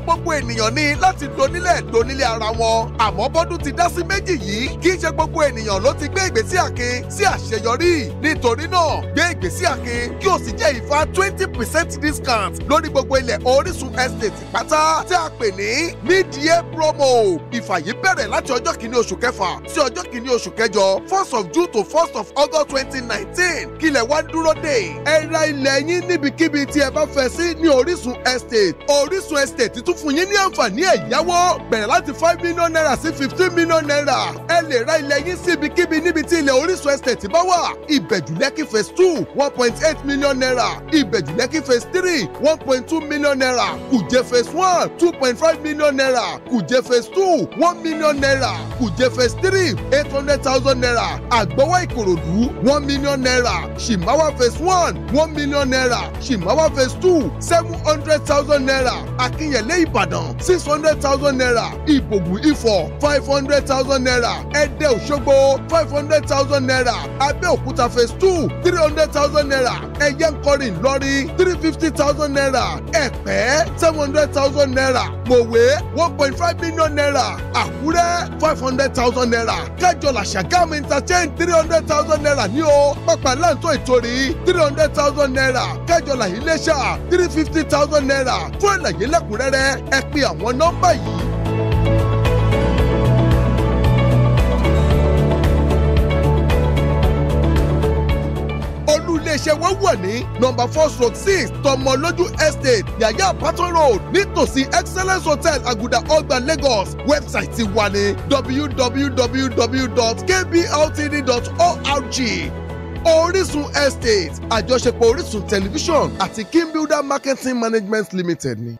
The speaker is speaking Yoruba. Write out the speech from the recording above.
gbogbo ènìyàn ní láti donílẹ̀ donílẹ̀ ara wọn àmọ́ bọ́dún ti dá sí méjì yìí kì í ṣe gbogbo ènìyàn ló ti gbé ìgbésí àke sí àṣeyọrí nítorí náà gbé ìgbésí àke kí o sì jẹ́ ìfà twenty percent discount lórí gbogbo ilẹ̀ Orísun estate pátá tí a pè ní mid-year promo ìfà yìí bẹ̀rẹ̀ láti ọjọ́ kìíní oṣù kẹfà sí ọjọ́ kìíní oṣù kẹjọ first of June to first of August twenty nineteen kílẹ̀ wá dúró dé ẹ ra ilẹ̀ yín níbikíbi tí ẹ bá fẹ́ sí ní Orísun estate Orísun estate tún fún yín ní àǹfààní ẹ̀yáwó bẹ̀rẹ̀ láti five million naira sí fifteen million naira ẹ lè ra ilẹ̀ yín sí ibikíbi níbi tí ilẹ̀ Orísun estate bá wà ìbẹ̀jùlẹ́kì phase two one point eight million naira ìbẹ̀jùlẹ́kì phase three one point two million naira kùjẹ́ phase one two point five million naira kùjẹ́ phase two one million naira kùjẹ́ phase three eight hundred thousand naira àgbọ̀wọ́ ìkòròdú one million naira ṣìmáwá phase one one million naira ṣìmáwá phase two seven hundred thousand naira akínyẹ̀lẹ́ ìpínlẹ̀ ìbàdàn six hundred thousand naira ìbògùn ifọ̀ five hundred thousand naira ẹ̀dẹ́ òṣogbo five hundred thousand naira abẹ́òkúta phase two three hundred thousand naira ẹ̀yẹ́ nkọrin lọ́rí three fifty thousand naira ẹ̀pẹ́ seven hundred thousand naira mọ̀wé one point five million naira àkúrẹ́ five hundred thousand naira kájọlá ṣàgámù interchange three hundred thousand naira ní o pápá láǹtó ìtòrí three hundred thousand naira kájọlá iléṣà three fifty thousand naira fún ẹ̀làyé lẹ́kùnrẹ́rẹ́ ẹ pè àwọn nọ́mbà yìí. olú iléeṣẹ́ wà ní nọ́mbà four stroke six tọmọlójú estate yàyà patton road nítòsí excellence hotel aguda ọgbà lagos wẹ́bsáìtì wa ní www.kbltd.org orísun estate àjọṣepọ̀ orísun tẹlifíṣọ̀n àti king builder marketing management limited ni.